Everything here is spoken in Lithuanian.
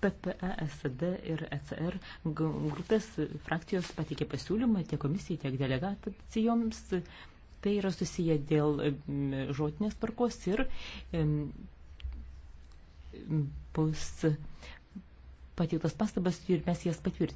PPE, SD ir ECR grupės frakcijos pateikė pasiūlymą tiek komisijai, tiek delegacijoms. Tai yra susiję dėl mm, žodinės tvarkos ir bus pateiktas pastabas ir mes jas patvirtinsime.